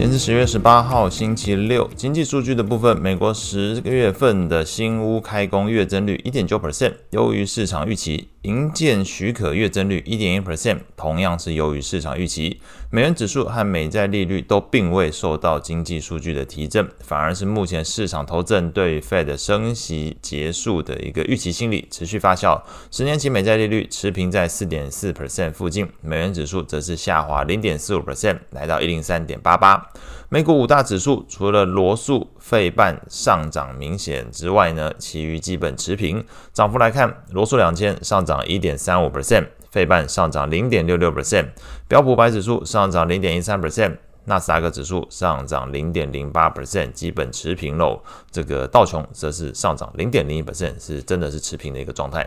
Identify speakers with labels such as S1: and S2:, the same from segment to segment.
S1: 截至十月十八號星期六，經濟數據的部分，美國十月份的新屋開工月增率一點九 percent，優於市場預期；營建許可月增率一點一 percent，同樣是優於市場預期。美元指數和美債利率都並未受到經濟數據的提振，反而是目前市場投資人對 Fed 升息結束的一個預期心理持續發酵。十年期美債利率持平在四點四 percent 附近，美元指數則是下滑零點四五 percent，來到一零三點八八。美股五大指數除了羅素、費半上漲明顯之外呢，其餘基本持平。漲幅來看，羅素兩千上漲一點三五 percent，費半上漲零點六六 percent，標普白指數上漲零點一三 percent，納斯達克指數上漲零點零八 percent，基本持平嘍。這個道瓊則是上漲零點零一 percent，是真的是持平的一個狀態。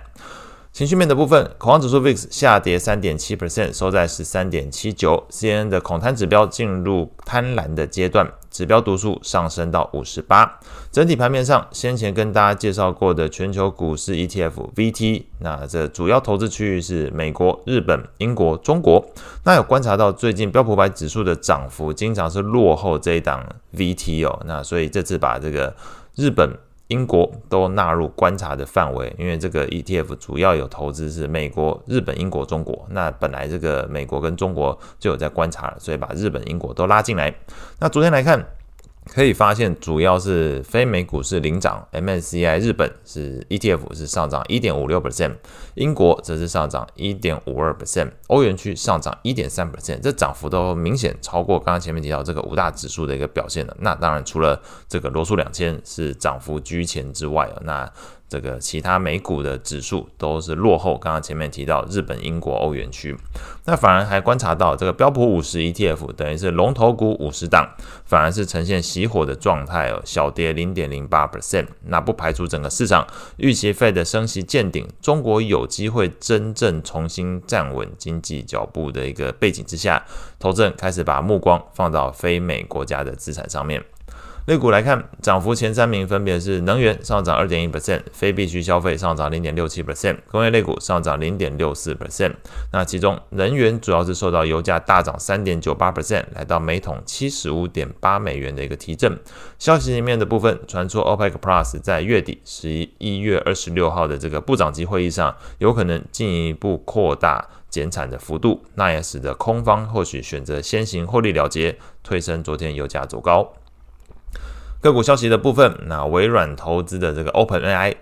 S1: 情緒面的部分，恐慌指數 VIX 下跌三點七 percent，收在十三點七九。CNN 的恐貪指標進入貪婪的階段，指標讀數上升到五十八。整體盤面上，先前跟大家介紹過的全球股市 ETF VT，那這主要投資區域是美國、日本、英國、中國。那有觀察到最近標普五百指數的漲幅經常是落後這一檔 VT 哦，那所以這次把這個日本。英國都納入觀察的範圍，因為這個 ETF 主要有投資是美國、日本、英國、中國。那本來這個美國跟中國就有在觀察了，所以把日本、英國都拉進來。那昨天來看，可以發現，主要是非美股市領漲，MSCI 日本是 ETF 是上漲一點五六 percent，英國則是上漲一點五二 percent，歐元區上漲一點三 percent，這漲幅都明顯超過剛剛前面提到這個五大指數的一個表現了。那當然，除了這個羅素兩千是漲幅居前之外啊，那。這個其他美股的指數都是落後，剛剛前面提到日本、英國、歐元區，那反而還觀察到這個標普五十 ETF 等於是龍頭股五十檔，反而是呈現熄火的狀態哦，小跌零點零八 percent。那不排除整個市場預期 FED 的升息見頂，中國有機會真正重新站穩經濟腳步的一個背景之下，投資人開始把目光放到非美國家的資產上面。類股來看，漲幅前三名分別是能源上漲二點一 percent，非必需消費上漲零點六七 percent，工業類股上漲零點六四 percent。那其中能源主要是受到油價大漲三點九八 percent，來到每桶七十五點八美元的一個提振。消息裡面的部分傳出 OPEC Plus 在月底十一月二十六號的這個部長級會議上，有可能進一步擴大減產的幅度，那也使得空方或許選擇先行獲利了結，推升昨天油價走高。個股消息的部分，那微軟投資的這個 OpenAI，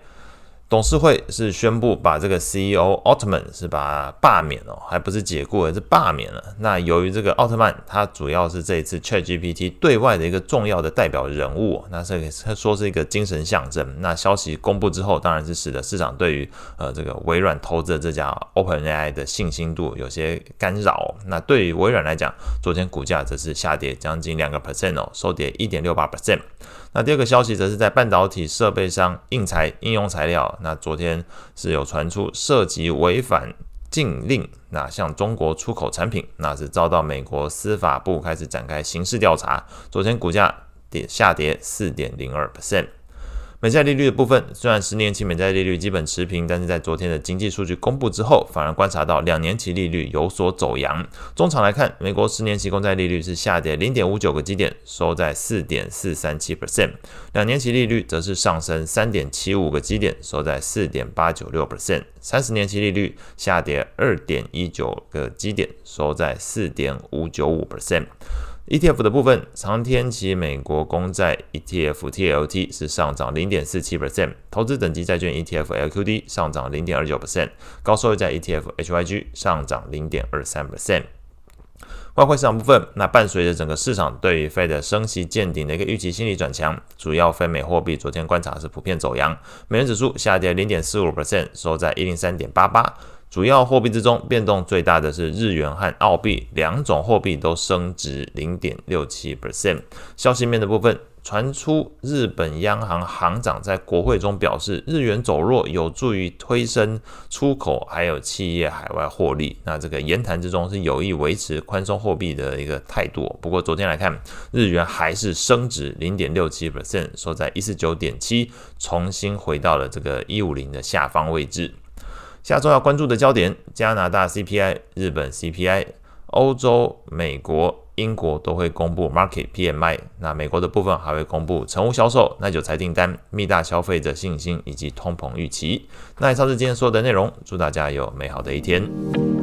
S1: 董事會是宣布把這個 CEO 奧特曼是把罷免哦，還不是解雇，而是罷免了。那由於這個奧特曼，他主要是這一次 ChatGPT 對外的一個重要的代表人物哦，那這個他說是一個精神象徵。那消息公布之後，當然是使得市場對於呃這個微軟投資的這家 OpenAI 的信心度有些干擾。那對於微軟來講，昨天股價則是下跌將近兩個 percent 哦，收跌一點六八 percent。那第二個消息，則是在半導體設備商應材應用材料，那昨天是有傳出涉及違反禁令，那向中國出口產品，那是遭到美國司法部開始展開刑事調查。昨天股價跌下跌四點零二%。美債利率的部分，雖然十年期美債利率基本持平，但是在昨天的經濟數據公布之後，反而觀察到兩年期利率有所走揚。終場來看，美國十年期公債利率是下跌零點五九個基點，收在四點四三七 percent；兩年期利率則是上升三點七五個基點，收在四點八九六 percent；三十年期利率下跌二點一九個基點，收在四點五九五 percent。ETF 的部分，長天期美國公債 ETF TLT 是上漲零點四七 percent，投資等級債券 ETF LQD 上漲零點二九 percent，高收益債 ETF HYG 上漲零點二三 percent。外匯市場部分，那伴隨着整個市場對於 Fed 的升息見頂的一個預期心理轉強，主要非美貨幣昨天觀察是普遍走揚，美元指數下跌零點四五 percent，收在一零三點八八。主要貨幣之中，變動最大的是日元和澳幣，兩種貨幣都升值零點六七 percent。消息面的部分，傳出日本央行行長在國會中表示，日元走弱有助於推升出口，還有企業海外獲利。那這個言談之中是有意維持寬鬆貨幣的一個態度。不過昨天來看，日元還是升值零點六七 percent，收在一四九點七，重新回到了這個一五零的下方位置。下週要關注的焦點：加拿大 CPI、日本 CPI、歐洲、美國、英國都會公布 Markit PMI。那美國的部分還會公布成屋銷售、耐久財訂單、密大消費者信心以及通膨預期。那以上是今天所有的內容。祝大家有美好的一天。